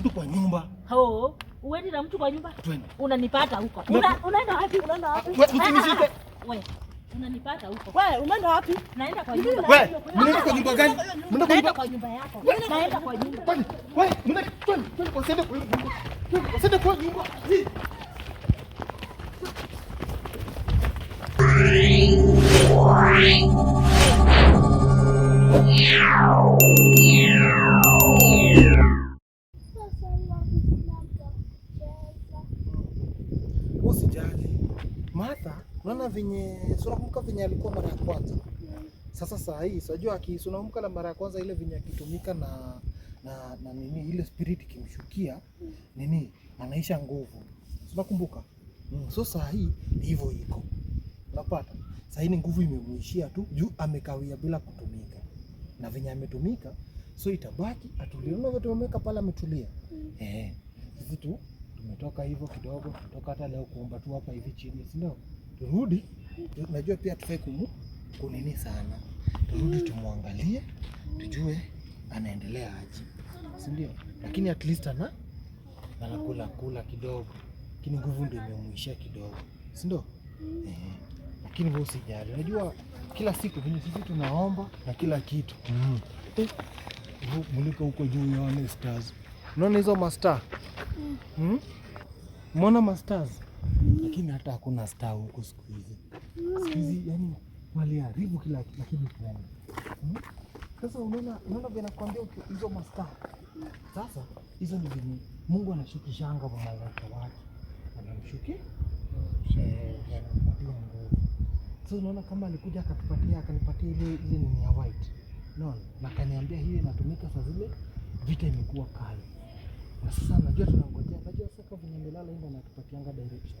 mtu kwa nyumba. Ho, uende na mtu kwa nyumba? Twende. Unanipata huko. Unaenda wapi? Unaenda wapi? Usinishike. Wewe. Unanipata huko. Wewe, unaenda wapi? Naenda kwa nyumba. Wewe, kwa nyumba gani? kwa nyumba yako. Naenda kwa nyumba. Wewe, twende, twende kwa sende kwa nyumba. Twende sende kwa nyumba. Meow. kama venye unakumbuka venye alikuwa mara ya kwanza. Sasa saa hii unajua, unakumbuka la mara ya kwanza ile venye akitumika na na, na nini ile spirit ikimshukia nini anaisha nguvu, unakumbuka mm. So saa hii hivyo iko unapata, saa hii ni nguvu imemuishia tu juu amekawia bila kutumika na venye ametumika, so itabaki atulie. mm. Unavyo tumemweka pale ametulia mm. Eh, sisi tu tumetoka hivyo kidogo, tumetoka hata leo kuomba tu hapa hivi chini, si ndio? turudi, najua pia tufai kunini sana, turudi tumwangalie, tujue anaendelea aje, si ndio? Lakini at least ana anakula kula kidogo, lakini nguvu ndio imemwishia kidogo, si ndio? Eh, lakini wewe usijali, unajua kila siku venye sisi tunaomba na kila kitu mm. Eh, mulika huko juu ya wale stars, unaona hizo masta mm. Mwona mm? masters lakini hata hakuna staa huko siku hizi. Siku hizi yani waliharibu kila kitu lakini yani. Hmm? Sasa unaona, unaona vile nakwambia hizo mastaa. Sasa hizo ni vile Mungu anashukishanga kwa malaika wake, anamshuki eh, anampatia nguvu. Sasa unaona, kama alikuja akatupatia akanipatia ile ile ni ya white naona, na kaniambia hiyo inatumika saa zile vita imekuwa kali, na sasa najua tunangojea, najua sasa kama melala hivi anatupatianga direction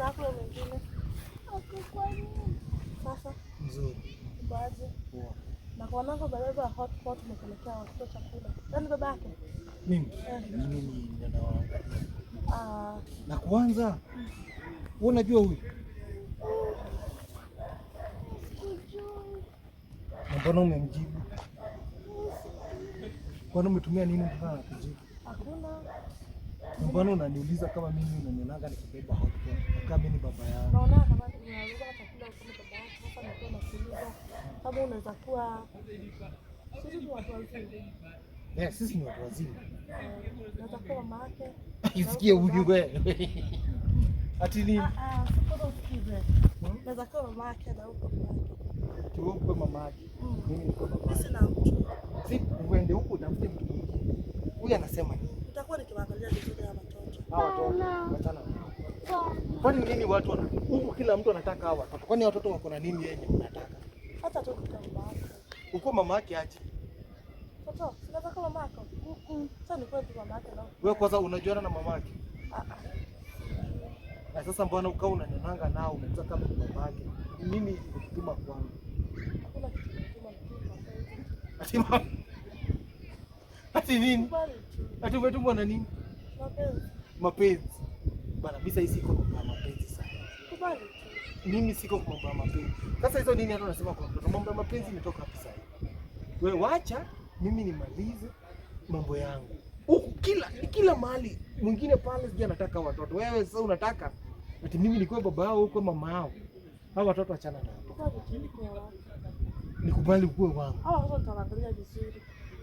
Mtaafu na mwingine. Sasa nzuri. Baje. Na kwa nako baba hot pot tumepelekea watoto chakula. Nani Mimi. Mimi ni Ah. Na Wewe unajua huyu? Mbona umemjibu? Kwani umetumia nini mpaka Mbona unaniuliza kama mimi unanionanga nikibeba hotpot kama mimi ni baba yao? Eh, sisi ni watu wazima. Eh, Isikie huyu wewe. Ati ni ah, ah, hmm? naweza kuwa mama yake na huko tuombe mama yake. Hmm. Mimi niko baba. Sina mtu. Sisi uende huko utafute mtu mwingine. Huyu anasema nini? nitakuwa nikiwaangalia vizuri hawa watoto. Hawa watoto Kwani nini watu huku, kila mtu anataka hawa watoto. Kwani watoto wako na nini yenye unataka? Hata tu kwa mama. Uko mama yake aje? Toto, sasa kama mama yako. Sasa ni kwa mama yake na. Wewe kwanza unajuana na mama yake? Ah, ah. Na sasa mbona ukao unanyananga nao umekuwa kama mama yake? Nini ilikutuma kwangu? Hakuna kitu kilikutuma. Ati mama Ati nini? Ati umetumbwa na nini? Mapenzi. Mapenzi. Bana, mimi sasa siko kwa mapenzi sana. Kubali. Mimi siko kwa mambo ya mapenzi. Sasa hizo nini hata unasema kwa mtoto? Mambo ya mapenzi imetoka wapi sasa? Wewe wacha mimi nimalize mambo yangu. Huku kila kila mahali mwingine pale sija nataka watoto. Wewe sasa unataka ati mimi nikuwe baba yao huko mama yao. Hao watoto achana nao. Nikubali kuwe wangu. Hao watoto wanakulia vizuri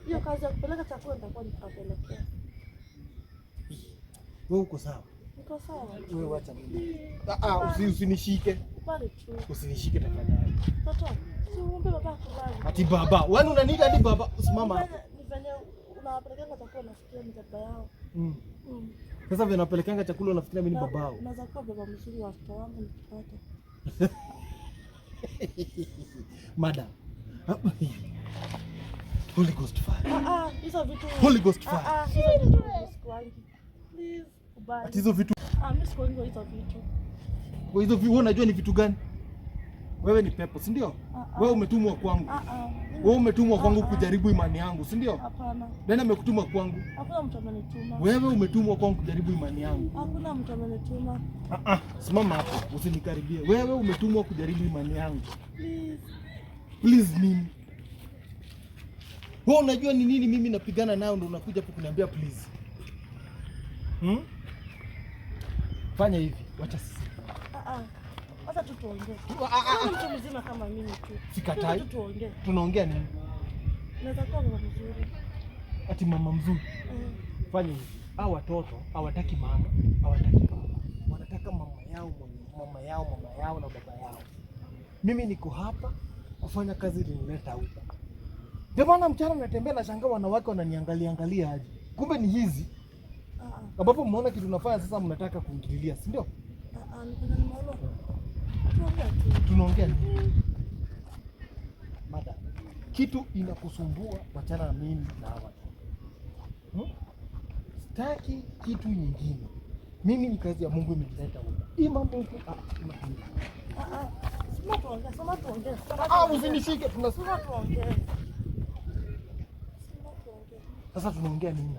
hiyo kazi ya kupeleka chakula nitakuwa nitapelekea. Wewe uko sawa? Uko sawa. Wewe wacha mimi. Ah ah, usinishike. Bali tu. Usinishike tafadhali. Toto, si uombe baba kubali. Ati baba, wewe unaniita hadi baba, usimama. Nifanye unawapelekanga chakula nafikiria ni baba yao. Mm. Mm. Sasa vile napelekanga chakula nafikiria mimi ni babao. Naweza kuwa baba mzuri wa mtoto wangu nikipata. Madam. Holy Ghost fire. Ah ah, hizo vitu. Holy Ghost ah, ah, fire. hizo vitu. Please, Ah, hizo vitu. unajua ni vitu gani? Wewe ni pepo, si ndio? Ah, wewe umetumwa kwangu. Wewe umetumwa kwangu kujaribu imani yangu, si ndio? Hapana. Nani amekutuma kwangu? Hakuna mtu amenituma. Wewe umetumwa kwangu kujaribu imani yangu. Hakuna mtu amenituma. Ah ah, simama hapo, usinikaribie. Wewe umetumwa kujaribu imani yangu. Please. Please mimi. Wewe unajua ni nini mimi napigana nayo ndio unakuja hapo kuniambia please. Hmm? Fanya hivi, wacha sisi. Ah ah. Ah ah, ah, ah. Mtu mzima kama mimi tu. Sikatai. Tutuongee. Tunaongea nini? Naweza kuwa mama mzuri. Ati mama mzuri. Mm. Fanya hivi. Hao watoto hawataki mama, hawataki baba. Wanataka mama yao, mama yao, mama yao na baba yao. Mimi niko hapa kufanya kazi nilileta huko. Ndio maana mchana natembea na shangaa wanawake wananiangalia angalia aje. Kumbe ni hizi. Ah. ah. Ambapo mmeona kitu nafanya sasa mnataka kuingililia, si ndio? Ah, ah, tunaongea. Mm. Mada. Kitu inakusumbua wachana na mimi na hawa. Hmm? Sitaki kitu nyingine. Mimi ni kazi ya Mungu imenileta huko. Hii mambo huko ah, ah, ah. Sema tuongee, sema tuongee. Ah, usinishike. Tunasema tuongee. Sasa tunaongea nini?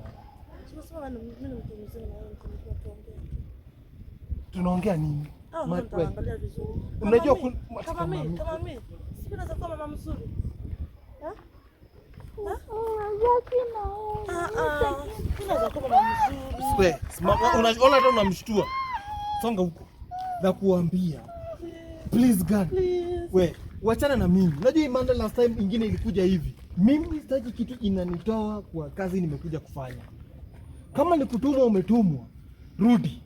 Tunaongea nini? Ah, Unajua unaona ah, ah. hata unamshtua. Songa huko na kuambia please God. We, wachana na mimi. Unajua hii Manda last time ingine ilikuja hivi mimi sitaki kitu inanitoa kwa kazi nimekuja kufanya. Kama ni kutumwa, umetumwa, rudi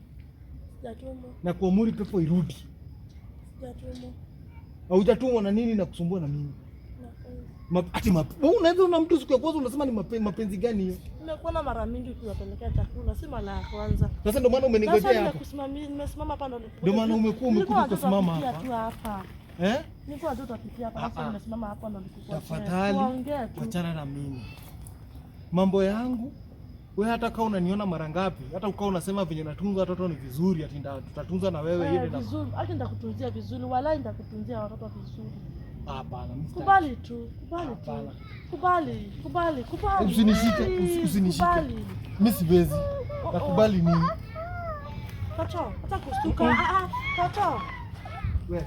na kuamuri pepo irudi. Haujatumwa na nini na kusumbua na mimi ati unaweza na mtu siku ya kwanza unasema ni mapenzi, mapenzi gani hiyo? Nimekuona mara mingi ukiwapelekea chakula, si mara ya kwanza. Sasa ndio maana umenigojea hapa, nimesimama hapa ndio. Ndio maana umekuwa umekuja kusimama hapa. Eh? Tafadhali achana na mimi. Mambo yangu we. hata kama unaniona mara ngapi, hata ukawa unasema venye natunza watoto ni vizuri, ati tutatunza na wewe eh, ile na vizuri. Hata nitakutunzia vizuri, wala nitakutunzia watoto vizuri. Kubali tu, kubali tu. Kubali, kubali, kubali. Eh, usinishike, usinishike. Mimi siwezi. Oh, oh. Nakubali nini? Kato, hata kustuka. Ah ah, kato. Ah. Wewe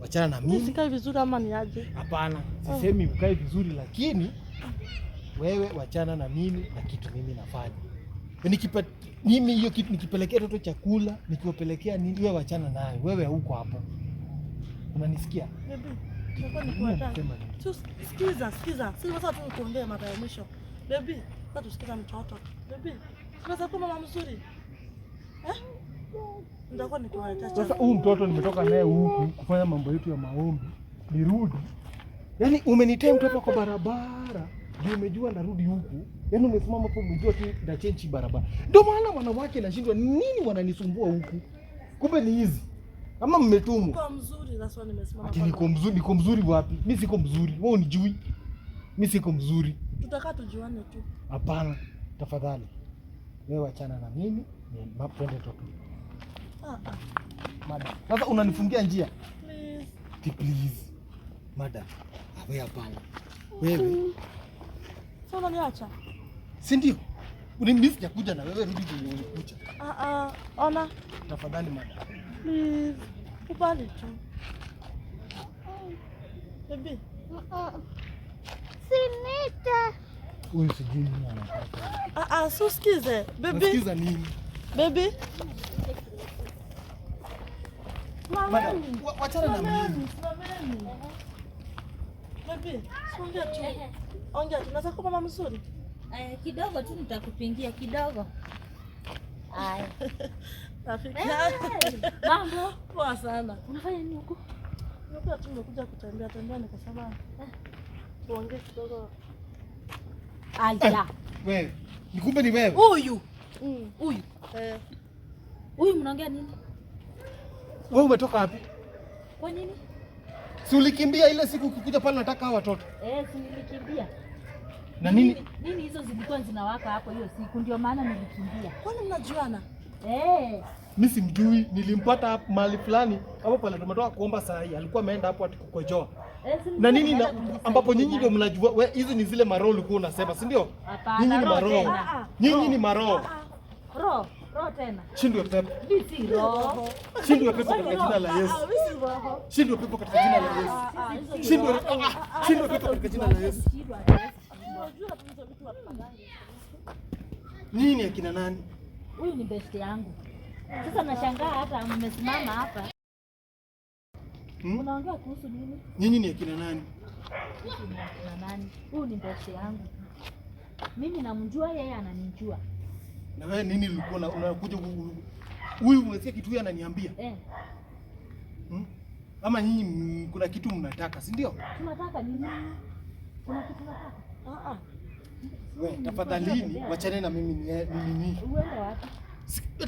wachana na mimi. Sikai vizuri ama aje? Hapana, ah. sisemi ukae vizuri, lakini wewe wachana na mimi na kitu mimi nafanya nikipa mimi hiyo kitu, nikipelekea toto chakula, nikiwapelekea nini, wewe wachana naye. Wewe huko hapo, unanisikia? Sikiza, sikiza, sasa mara ya mwisho sasa tusikiza mtoto mama mzuri eh? Sasa huu mtoto nimetoka naye huku kufanya mambo yetu ya maombi, nirudi yaani umenitea mtoto kwa barabara ndio umejua narudi huku, yaani umesimama hapo umejua tu nachenji barabara. Ndio maana wanawake nashindwa nini, wananisumbua huku, kumbe ni hizi ama mmetumwa. Ati niko mzuri? Niko mzuri wapi? Mi siko mzuri, wewe unijui, mi siko mzuri. Tutakaa tujuane tu. Hapana, tafadhali wewe wachana na mimi, twende tupi Madam, sasa unanifungia njia please, please. Madam, awe hapana wewe. Sasa unaniacha si ndio? ya kuja na wewe, rudi juu kucha. Ah ah, ona. Tafadhali madam. Please. Kubali tu. Baby. Sinita. Wewe sijui nini anataka. Ah uh-uh, ah, usikize. Baby. Usikiza nini? Baby. Wachana na mimi. Ongea tu. Unaweza mama mzuri? Eh, kidogo tu nitakupigia kidogo. Haya. Rafiki Mambo. Poa sana. Unafanya nini huko? Nimekuja tu nimekuja kutembea tembea nikasema tuongee kidogo. Aya. Wewe. Nikumbe ni wewe. Huyu. Mm. Huyu. Eh. Huyu mnaongea nini? Wewe umetoka wapi? Kwa nini? Si ulikimbia ile siku ukikuja pale nataka hao watoto. Eh, si nilikimbia. Na nini? Nini hizo zilikuwa zinawaka hapo hiyo siku ndio maana nilikimbia. Kwani mnajuana? Eh. Mimi simjui, nilimpata mahali fulani hapo pale tumetoka kuomba saa hii. Alikuwa ameenda hapo atikukojoa. Eh, na nini na ambapo nyinyi ndio mnajua hizi ni zile maroho ulikuwa unasema, si ndio? Nyinyi ni maroho. Nyinyi ni maroho. Roho. Shindwe pepo. Shindwe pepo katika jina la Yesu. Ah, ah, Shindwe pepo katika jina la Yesu. Shindwe ah, pepo katika jina la Yesu. Nini akina nani? Huyu ni besti yangu. Sasa nashangaa hata mmesimama hapa. Hmm? Unaongea kuhusu nini? Nini ni akina nani? Huyu ni besti yangu. Mimi namjua, yeye ananijua. Na wewe nini ulikuwa unakuja huyu unasikia kitu huyu ananiambia? Eh. Hmm? Ama nyinyi kuna kitu mnataka, si ndio? Tunataka nini? Kuna kitu tunataka. Ah ah. Wewe tafadhalini wachane na mimi ni mimi. Uende wapi?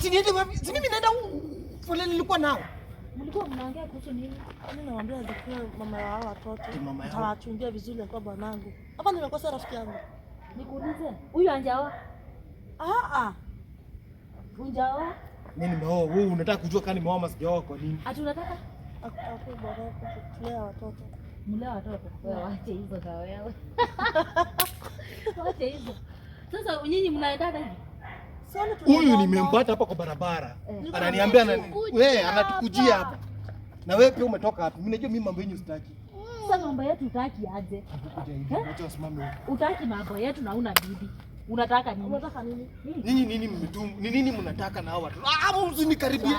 Si wapi? Si mimi naenda huko. Fule nilikuwa nao. Mlikuwa mnaongea kuhusu nini? Mimi nawaambia azikie mama ya hao watoto. Hawachungia vizuri kwa bwanangu. Hapa nimekosa rafiki yangu. Nikuulize, huyu anjaoa? Hujaoa? Ah, ah. Mimi nimeoa. Oh, wewe unataka kujua nimeoa kwa nini? Ati unataka? watoto. Mlea watoto. Wewe hizo za wewe. hizo. Sasa nyinyi hivi? Huyu nimempata hapa kwa barabara. Eh. Ananiambia wewe anatukujia hapa. Na wewe pia umetoka hapa. Mimi najua mimi mambo yenyu sitaki. Sasa mambo yetu utaki aje? Eh? Utaki mambo yetu na una bibi. Unataka nini? Unataka nini? Nini nini mmetum? Ni nini mnataka na hao watu? Ah, ah, ah, ah. ni msinikaribie.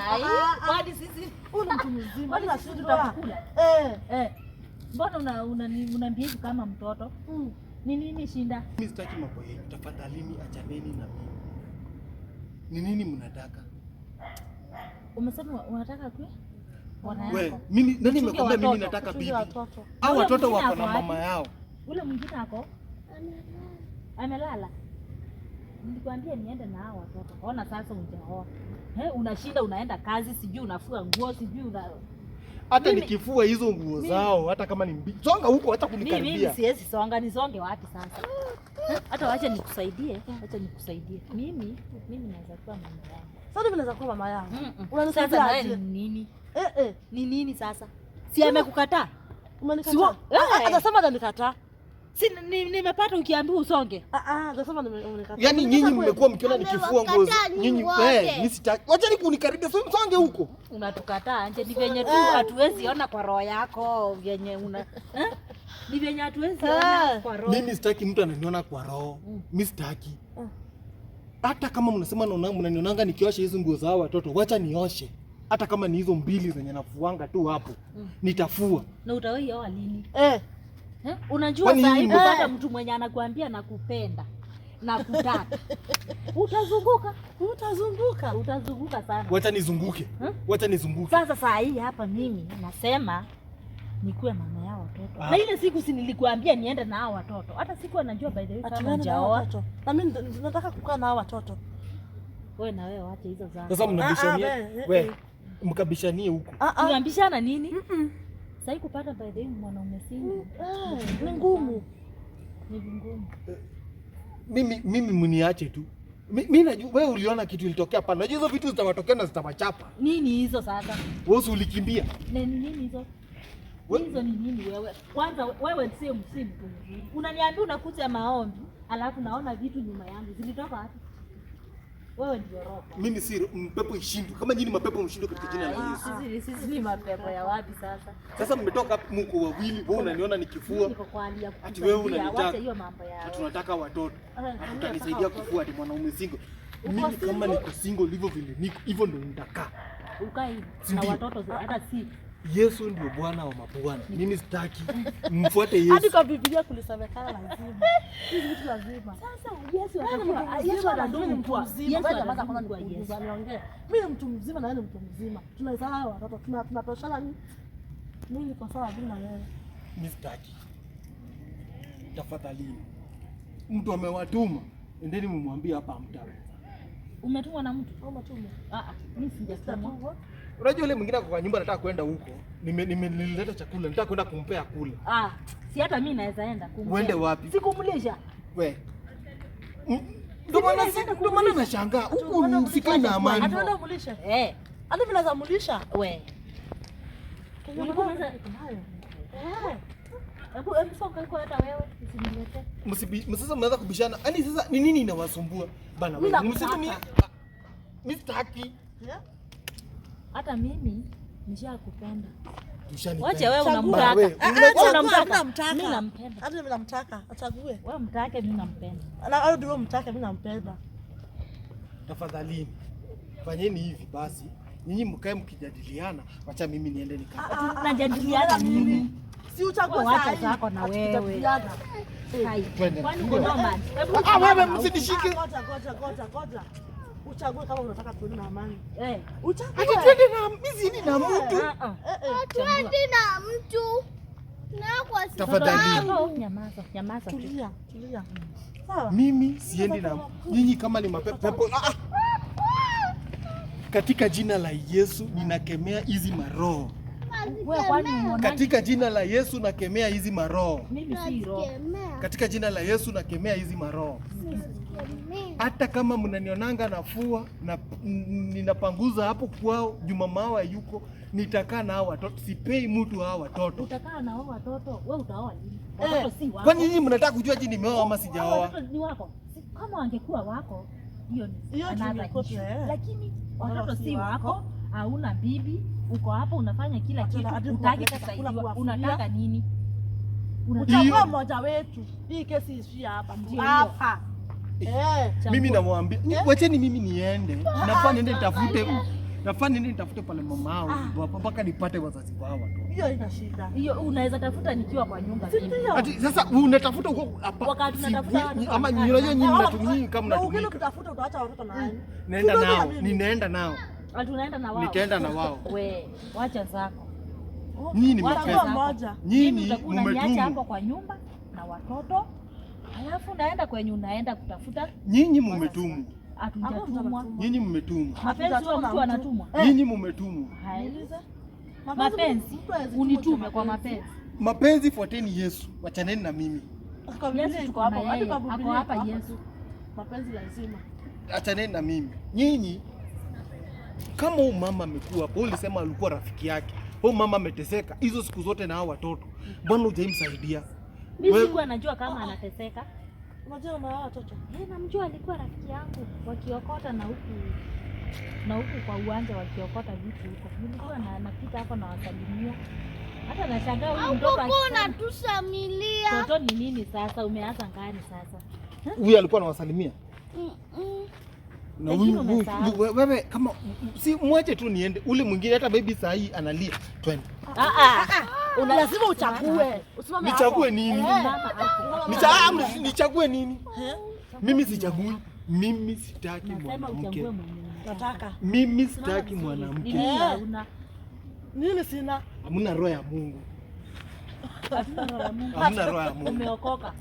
Hadi sisi una mtu mzima. Hadi sisi tutakula. Eh. Eh. Mbona una una unaniambia hivi kama mtoto? Mm. Ni nini shinda? Mimi sitaki mambo yenu. Tafadhalini achaneni na mimi. Ni nini mnataka? Umesema unataka kwa Wewe, mimi nani nimekwambia mimi nataka bibi? Hao watoto wako na mama yao. Ule mwingine ako? Amelala. Amelala. Nilikwambia niende na hao watoto. Ona sasa unjaoa. Eh, unashinda unaenda kazi sijui unafua nguo sijui una hata nikifua hizo nguo zao hata kama ni mbichi. Songa huko hata kunikaribia. Mimi siwezi songa, nisonge wapi sasa? Hata wacha nikusaidie, acha nikusaidie. Mimi mimi naweza kuwa mama yangu. Sasa mimi naweza kuwa mama yangu. Unanisaidia nini? Eh eh, ni nini sasa? Si amekukataa? Umenikataa. Atasema atanikataa. Si nimepata ukiambiwa usonge. Ah ah, nasema sema nimekata. Yaani, yaani nyinyi mmekuwa mkiona nikifua nguo. Nyinyi eh, mimi sitaki. Wacheni kunikaribia, sio msonge huko. Unatukataa nje ni venye tu ah. hatuwezi ona kwa roho yako venye una. Eh? Ni venye hatuwezi ona ah. kwa roho. Mimi sitaki mtu ananiona kwa roho. Mimi mm. sitaki. Ah. Hata kama mnasema naona mnanionanga nikiosha hizo nguo za watoto, wacha nioshe. Hata kama ni hizo mbili zenye nafuanga tu hapo. Mm. Nitafua. Na utawahi oa lini? Eh. Eh? Unajua sahi kupata eh. mtu mwenye anakuambia nakupenda na kutaka utazunguka utazunguka utazunguka sana. Wacha nizunguke hmm? Wacha nizunguke sasa. Saa hii hapa mimi nasema nikuwe mama yao watoto ah. Na ile siku si nilikuambia niende na hao watoto, hata siku anajua by the way kama jaoa, na mimi nataka kukaa na hao watoto. Wewe na wewe wacha hizo zako sasa, mnabishania wewe ah, ah, mkabishanie huko, mnabishana nini? mm -mm sai kupata by the way mwanaume single ni ngumu, ah, ni vigumu. Mimi mimi mniache tu. Mimi najua wewe uliona kitu ilitokea pale. Najua hizo vitu zitawatokea na zitawachapa. Nini hizo sasa? Wewe ulikimbia? Ni nini hizo? Hizo ni nini wewe? Kwanza wewe sio msimu Unaniambia unakuja maombi, alafu naona vitu nyuma yangu. Zilitoka wapi? Wewe ndio roho. Mimi si mpepo ishindwe. Kama nyinyi mapepo mshindwe katika jina la ah, Yesu. Sisi sisi ni mapepo ya wapi sasa? Sasa mmetoka mko wawili, wewe unaniona nikifua. Ati wewe unanitaka. Tunataka watoto. Ah, utanisaidia kufua ati mwanaume single. Mimi kama niko single hivyo vile niko hivyo ndio nitakaa. Ukae na watoto hata si Yesu ndio Bwana wa mabwana. Mimi sitaki mfuate Yesu. Hadi kwa Biblia kulisemekana lazima. Hizi vitu lazima. Sasa Yesu atakuwa Yesu anadumu mtu mzima. Yesu anataka kwanza ndio Yesu anaongea. Mimi ni mtu mzima na yeye mtu mzima. hawa watoto, tuna tunatoshana ni Mimi niko sawa bila wewe. Mimi sitaki. Tafadhali. Mtu amewatuma. Endeni mumwambie hapa mtawe. Umetumwa na mtu? Au umetumwa? Ah ah, mimi sijatumwa. Unajua yule mwingine kwa nyumba anataka kwenda huko. Nimeleta chakula, nataka kwenda kumpea kula. Ah, si hata mimi naweza enda kumpea. Uende wapi? Sikumlisha. We. Mm, ndio maana ndio maana nashangaa. Huko msikana na amani. Ataenda kumlisha. Eh. Hata naweza zamulisha. We. Eh, sasa mnaanza kubishana. Yaani sasa ni nini inawasumbua? Bana wewe. Msitaki. Mimi hata mimi njia ya kupenda Wacha wewe unamtaka. Mimi nampenda. Hata mimi namtaka. Achague. Wewe mtake mimi nampenda. Au ndio mtake mimi nampenda. Tafadhalini. Fanyeni hivi basi. Ninyi mkae mkijadiliana, wacha mimi niende nikaa. Tunajadiliana nini? Si uchague Wacha zako na wewe. Twende. Ah, wewe msinishike. Ah, ngoja ngoja ngoja ngoja uchague kama unataka tuende na amani. Eh. Uchague. tuende na na eh, mtu. Eh, eh. Tuende na mtu. Na kwa sababu tafadhali. Ah, oh, nyamaza, nyamaza. Tulia, tulia. Ah, Sawa. Mimi siendi na nyinyi kama ni mapepo. Ah, ah. Katika jina la Yesu ninakemea hizi maroho. Katika jina la Yesu nakemea hizi maroho. Katika jina la Yesu nakemea hizi maroho hata kama mnanionanga nafua na ninapanguza hapo kwao, Juma Mawa yuko, nitakaa na hao watoto, sipei mtu hao watoto. Utakaa na hao watoto, wewe utaoa lini? Eh, watoto si wako. Kwani nyinyi mnataka kujua je, nimeoa ama sijaoa? Watoto ni wako. Kama wangekuwa wako, hiyo ni hiyo ni kosa. Eh. Lakini watoto si wako, hauna bibi, uko hapo unafanya kila kitu, utaki kusaidiwa, unataka nini? Unataka mmoja wetu. Hii kesi ishi hapa. Hapa. Eh, mimi namwambia eh? wacheni mimi niende, nafaa ah, niende ah, nitafute ah, nafaa nini nitafute pale mamao mpaka nipate wazazi wao tu. Hiyo ina shida. Hiyo unaweza tafuta nikiwa kwa nyumba. Ati sasa unatafuta huko hapa. Wakati tunatafuta ama nyinyi nyinyi mnatumii kama mnatumii. Ukenda kutafuta utaacha watoto na nani? Mm, Naenda nao, ninaenda nao. Ati unaenda na wao. Nitaenda na wao. We, wacha zako. Nyinyi mmekaa. Nyinyi mmekaa hapo kwa nyumba na watoto utaenda kwenye unaenda kutafuta. Nyinyi mmetumwa. Nyinyi mmetumwa. Mapenzi wa mtu anatumwa. Nyinyi mmetumwa. Mapenzi unitume kwa mapenzi. Mapenzi, fuateni Yesu, wachaneni na mimi. hapa Yesu. Mapenzi lazima. Achaneni na mimi. Nyinyi kama huyu mama amekuwa hapo, ulisema alikuwa rafiki yake. Huyu mama ameteseka hizo siku zote na hao watoto. Bwana hujamsaidia. Mimi sikuwa najua kama anateseka. Unajua na watoto Eh, namjua alikuwa rafiki yangu, wakiokota na huku na huku kwa uwanja wakiokota vitu huko, nilikuwa na napita hapo na wasalimia, hata nashangaa huyu mtoto tusamilia. Mtoto ni nini sasa? Umeanza ngani sasa? Huyu alikuwa anawasalimia na wewe kama si mwache tu niende, ule mwingine hata baby saa hii analia, twende. Ah ah. ah, ah lazima uchague. Nichague nini? Eh. Ah, nichague nini? Mimi sichagui, mimi sitaki mwanamke, Nataka. mimi sitaki mwanamke. Nini sina? Hamna roho ya Mungu. Hamna roho ya Mungu. Umeokoka.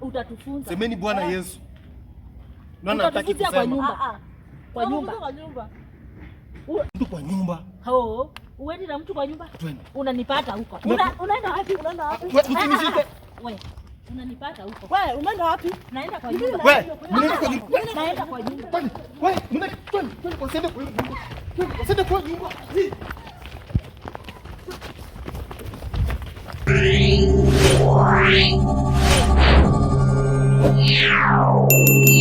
Utatufunza. Semeni Bwana eh. Yesu. Naona nataki kusema. Ah, ah. Kwa nyumba. Kwa nyumba. Kwa nyumba. Kwa nyumba. Uende na mtu kwa nyumba? Unanipata huko. Unaenda wapi? Unaenda wapi? Usinishike. Ah, ah, Wewe. Ah. Unanipata huko. Wewe, unaenda wapi? Naenda kwa nyumba. Wewe, mnaenda kwa nyumba. Naenda kwa nyumba. Kwani? Wewe, mnaenda kwani? Kwani kwa sende kwa nyumba. Kwani kwa sende kwa nyumba. Meow.